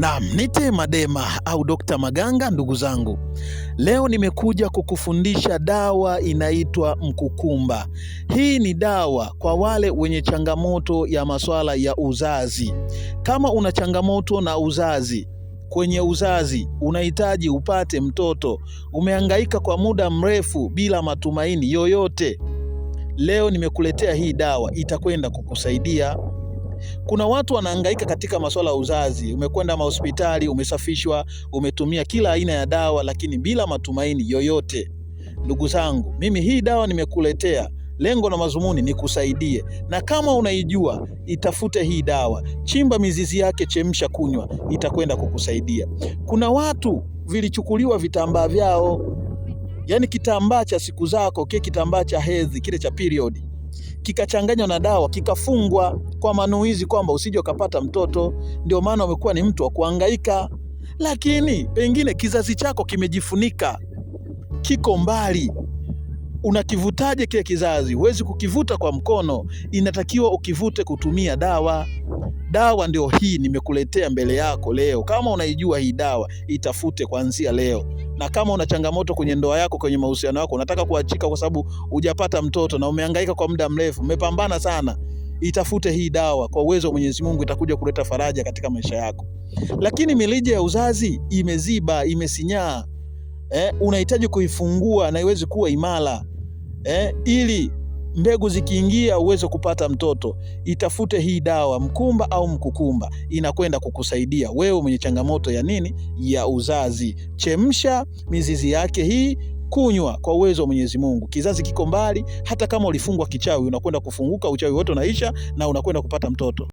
Naam, nite Madema au Dr. Maganga. Ndugu zangu, leo nimekuja kukufundisha dawa inaitwa mkukumba. Hii ni dawa kwa wale wenye changamoto ya masuala ya uzazi. Kama una changamoto na uzazi kwenye uzazi unahitaji upate mtoto, umehangaika kwa muda mrefu bila matumaini yoyote, leo nimekuletea hii dawa, itakwenda kukusaidia. Kuna watu wanahangaika katika masuala ya uzazi, umekwenda mahospitali, umesafishwa, umetumia kila aina ya dawa, lakini bila matumaini yoyote. Ndugu zangu, mimi hii dawa nimekuletea lengo na mazumuni nikusaidie, na kama unaijua itafute hii dawa, chimba mizizi yake, chemsha, kunywa, itakwenda kukusaidia. Kuna watu vilichukuliwa vitambaa vyao, yani kitambaa cha siku zako, kile kitambaa cha hedhi, kile cha periodi kikachanganywa na dawa kikafungwa kwa manuizi kwamba usije ukapata mtoto. Ndio maana umekuwa ni mtu wa kuangaika, lakini pengine kizazi chako kimejifunika, kiko mbali. Unakivutaje kile kizazi? Huwezi kukivuta kwa mkono, inatakiwa ukivute kutumia dawa. Dawa ndio hii nimekuletea mbele yako leo. Kama unaijua hii dawa, itafute kuanzia leo na kama una changamoto kwenye ndoa yako, kwenye mahusiano yako, unataka kuachika kwa sababu hujapata mtoto na umehangaika kwa muda mrefu, umepambana sana, itafute hii dawa. Kwa uwezo wa Mwenyezi Mungu itakuja kuleta faraja katika maisha yako. Lakini mirija ya uzazi imeziba, imesinyaa, eh, unahitaji kuifungua na iweze kuwa imara eh, ili mbegu zikiingia uweze kupata mtoto, itafute hii dawa mkumba au mkukumba, inakwenda kukusaidia wewe mwenye changamoto ya nini, ya uzazi. Chemsha mizizi yake hii kunywa kwa uwezo wa Mwenyezi Mungu. Kizazi kiko mbali, hata kama ulifungwa kichawi, unakwenda kufunguka, uchawi wote unaisha na unakwenda kupata mtoto.